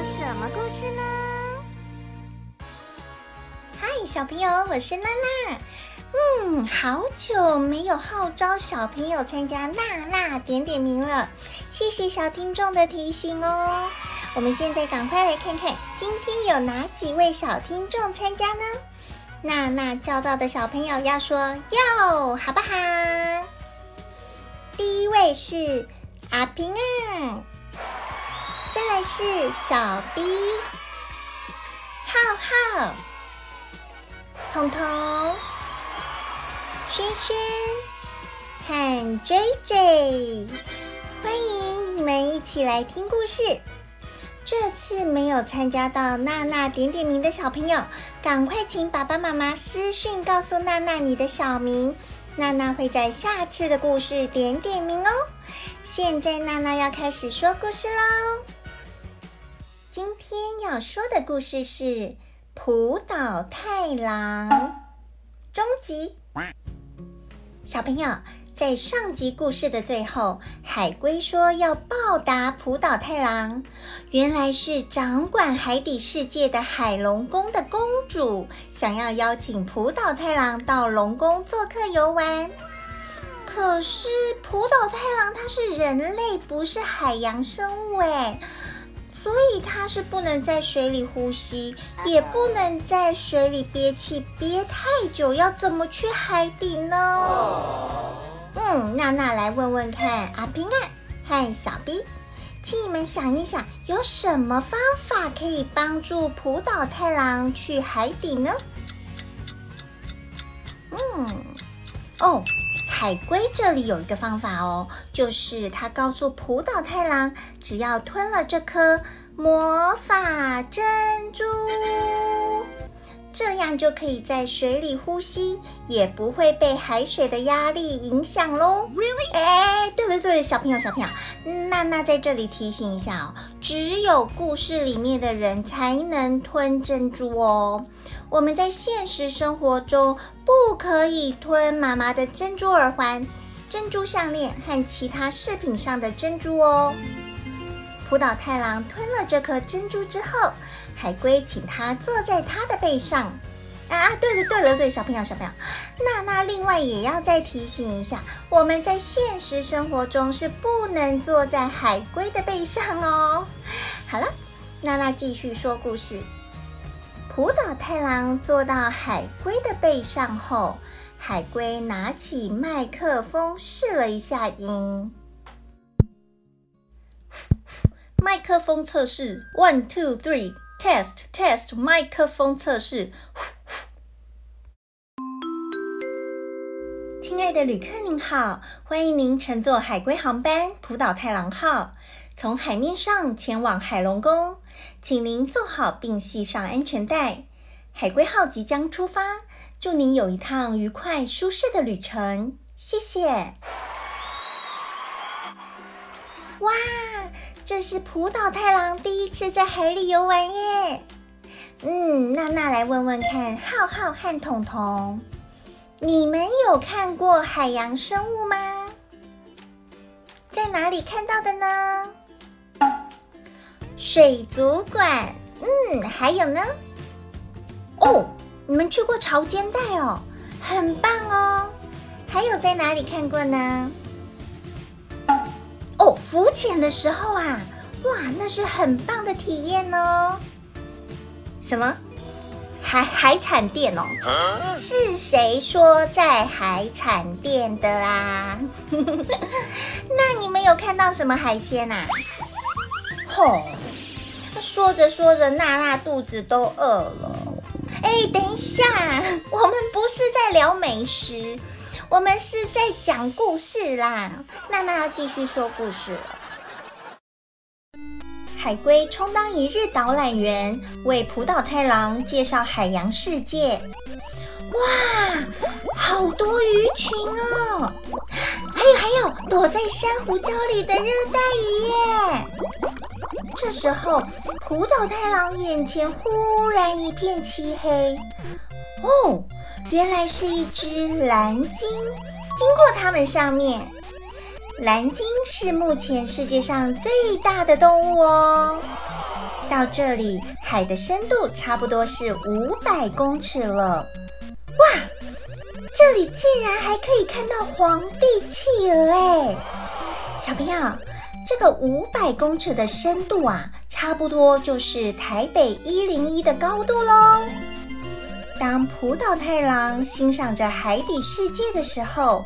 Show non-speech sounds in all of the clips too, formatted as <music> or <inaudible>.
什麼故事呢？嗨，小朋友，我是娜娜。嗯，好久沒有號召小朋友參加娜娜點點名了，謝謝小聽眾的提醒哦。我們現在趕快來看看今天有哪幾位小聽眾參加呢？娜娜叫到的小朋友要說喲，Yo, 好不好？第一位是阿平啊。再來是小 B、浩浩、彤彤、萱萱和 JJ，歡迎你們一起來聽故事。這次沒有參加到娜娜點點名的小朋友，趕快請爸爸媽媽私訊告訴娜娜你的小名，娜娜會在下次的故事點點名哦。現在娜娜要開始說故事嘍。今天要說的故事是《浦島太郎》中集。小朋友，在上集故事的最後，海龜說要報答浦島太郎，原來是掌管海底世界的海龍宮的公主想要邀請浦島太郎到龍宮做客遊玩。可是浦島太郎他是人類，不是海洋生物，哎所以他是不能在水裡呼吸，也不能在水裡憋氣憋太久，要怎麼去海底呢？嗯，娜娜來問問看，阿平安，和小 B，請你們想一想，有什麼方法可以幫助浦島太郎去海底呢？嗯，哦。海龜這裡有一個方法哦，就是他告訴浦島太郎，只要吞了這顆魔法珍珠，這樣就可以在水裡呼吸，也不會被海水的壓力影響嘍。Really？哎，對了對了，小朋友小朋友，娜娜在這裡提醒一下哦，只有故事裡面的人才能吞珍珠哦。我們在現實生活中不可以吞媽媽的珍珠耳環、珍珠項鏈和其他飾品上的珍珠哦。浦島太郎吞了這顆珍珠之後，海龜請他坐在他的背上。啊，對了對了對，對，對，小朋友小朋友，娜娜另外也要再提醒一下，我們在現實生活中是不能坐在海龜的背上哦。好了，娜娜繼續說故事。浦島太郎坐到海龜的背上後，海龜拿起麥克風試了一下音。麥克風測試，one two three，test test，麥克風測試呼呼。親愛的旅客您好，歡迎您乘坐海龜航班“浦島太郎號”，從海面上前往海龍宮，請您坐好並繫上安全帶。海龜號即將出發，祝您有一趟愉快舒適的旅程，謝謝。哇！這是浦島太郎第一次在海裡游玩耶。嗯，娜娜來問問看，浩浩和彤彤，你們有看過海洋生物嗎？在哪裡看到的呢？水族館。嗯，還有呢？哦，你們去過潮間帶哦，很棒哦。還有在哪裡看過呢？浮潛的時候啊，哇，那是很棒的體驗哦。什麼？海海產店哦？啊？是誰說在海產店的啊？ <laughs> 那你們有看到什麼海鮮啊？吼！說着說着，娜娜肚子都餓了。哎，等一下，我們不是在聊美食。我們是在講故事啦，娜娜要繼續說故事。海龜充當一日導覽員，為浦島太郎介紹海洋世界。哇，好多魚群哦！還有還有，躲在珊瑚礁裡的熱帶魚耶！這時候，浦島太郎眼前忽然一片漆黑。哦。原來是一隻藍鯨經過它們上面，藍鯨是目前世界上最大的動物哦。到這裡，海的深度差不多是五百公尺了。哇，這裡竟然還可以看到皇帝企鵝誒！小朋友，這個五百公尺的深度啊，差不多就是台北一零一的高度嘍。當浦島太郎欣賞着海底世界的時候，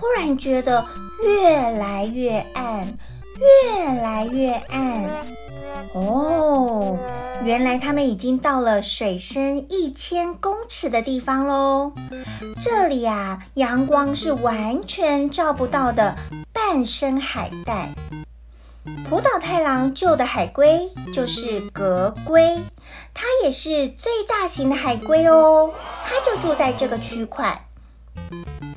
忽然覺得越來越暗，越來越暗。哦，原來他們已經到了水深一千公尺的地方嘍。這裡啊，陽光是完全照不到的半深海帶。浦島太郎救的海龜就是革龜，它也是最大型的海龜哦。它就住在這個區塊，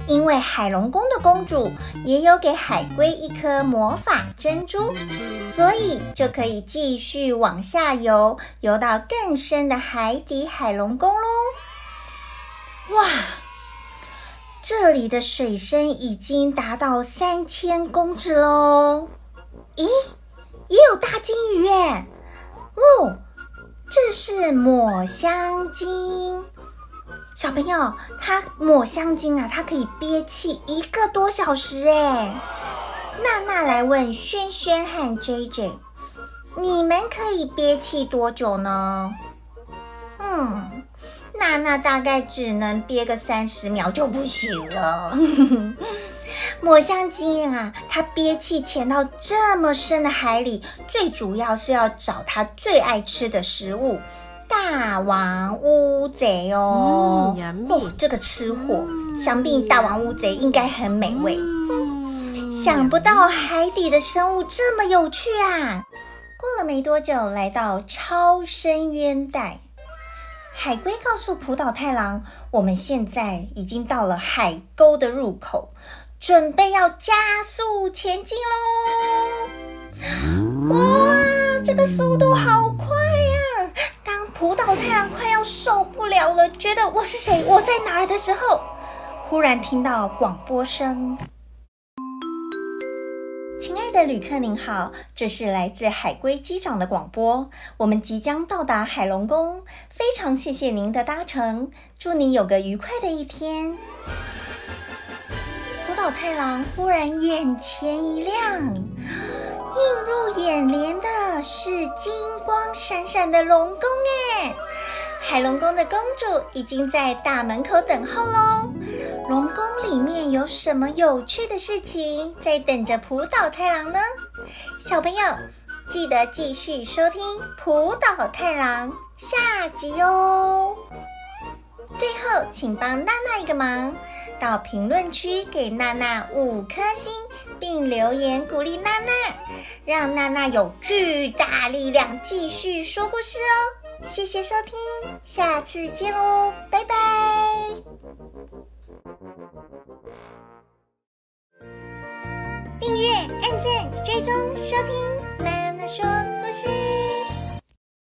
因為海龍宮的公主也有給海龜一顆魔法珍珠，所以就可以繼續往下游，游到更深的海底海龍宮嘍。哇，這裡的水深已經達到三千公尺嘍。咦？也有大鯨魚耶，哦，這是抹香鯨。小朋友，它抹香鯨啊，它可以憋氣一個多小時哎。娜娜來問軒軒和 JJ，你們可以憋氣多久呢？嗯，娜娜大概只能憋個三十秒就不行了。 <laughs> 抹香鯨啊，它憋氣潛到這麼深的海裡，最主要是要找它最愛吃的食物——大王烏賊哦。嗯嗯嗯嗯、哦，這個吃貨，想必大王烏賊應該很美味、嗯嗯嗯嗯嗯。想不到海底的生物這麼有趣啊！過了沒多久，來到超深淵帶，海龜告訴浦島太郎：“我們現在已經到了海溝的入口。”準備要加速前進嘍！哇，這個速度好快呀，啊！當浦島太郎快要受不了了，覺得我是誰？我在哪兒的時候，忽然聽到廣播聲：“親愛的旅客您好，這是來自海龜機長的廣播，我們即將到達海龍宮，非常謝謝您的搭乘，祝您有個愉快的一天。”太郎忽然眼前一亮，映入眼簾的是金光閃閃的龍宮誒，海龍宮的公主已經在大門口等候嘍。龍宮裡面有什麼有趣的事情在等着浦島太郎呢？小朋友記得繼續收聽浦島太郎下集哦。最後，請幫娜娜一個忙。到評論區給娜娜五顆星，並留言鼓勵娜娜，讓娜娜有巨大力量繼續說故事哦！謝謝收聽，下次見哦，拜拜！訂閱、按讚、追蹤、收聽娜娜說故事。